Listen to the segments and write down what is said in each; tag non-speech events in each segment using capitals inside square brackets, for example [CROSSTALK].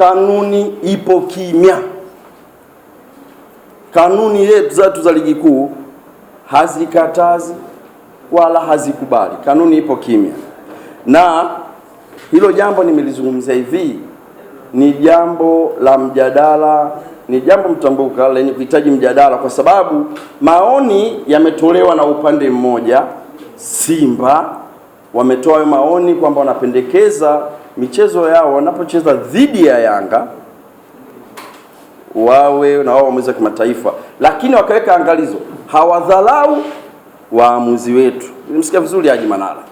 kanuni ipo kimya. Kanuni yetu zetu za ligi kuu hazikatazi wala hazikubali, kanuni ipo kimya, na hilo jambo nimelizungumzia hivi, ni jambo la mjadala, ni jambo mtambuka lenye kuhitaji mjadala, kwa sababu maoni yametolewa na upande mmoja. Simba wametoa maoni kwamba wanapendekeza michezo yao wanapocheza dhidi ya Yanga wawe na wao waamuzi wa kimataifa, lakini wakaweka angalizo, hawadharau waamuzi wetu. Nimsikia vizuri Haji Manara,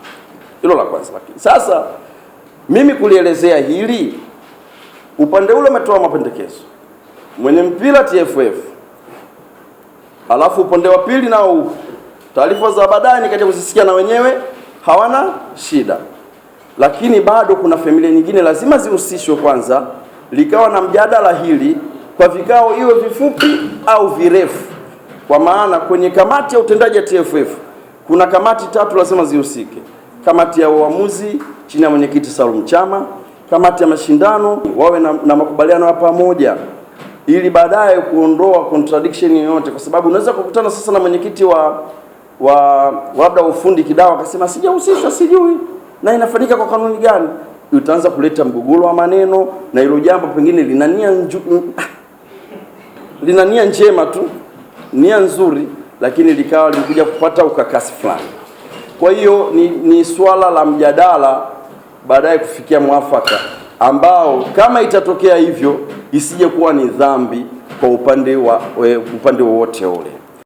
hilo la kwanza. Lakini sasa mimi kulielezea hili, upande ule umetoa mapendekezo mwenye mpira TFF, alafu upande wa pili nao, taarifa za baadaye nikaja kuzisikia na wenyewe hawana shida lakini bado kuna familia nyingine lazima zihusishwe kwanza, likawa na mjadala hili kwa vikao, iwe vifupi au virefu. Kwa maana kwenye kamati ya utendaji ya TFF kuna kamati tatu lazima zihusike: kamati ya uamuzi chini ya mwenyekiti Salum Chama, kamati ya mashindano wawe na, na makubaliano ya pamoja ili baadaye kuondoa contradiction yoyote, kwa sababu unaweza kukutana sasa na mwenyekiti wa wa labda ufundi kidawa akasema sijahusishwa, sijui na inafanyika kwa kanuni gani, utaanza kuleta mgogoro wa maneno, na hilo jambo pengine lina nia nju... [LAUGHS] lina nia njema tu, nia nzuri, lakini likawa likuja kupata ukakasi fulani. Kwa hiyo ni, ni swala la mjadala baadaye kufikia mwafaka ambao kama itatokea hivyo isije kuwa ni dhambi kwa upande wa eh, upande wowote ule.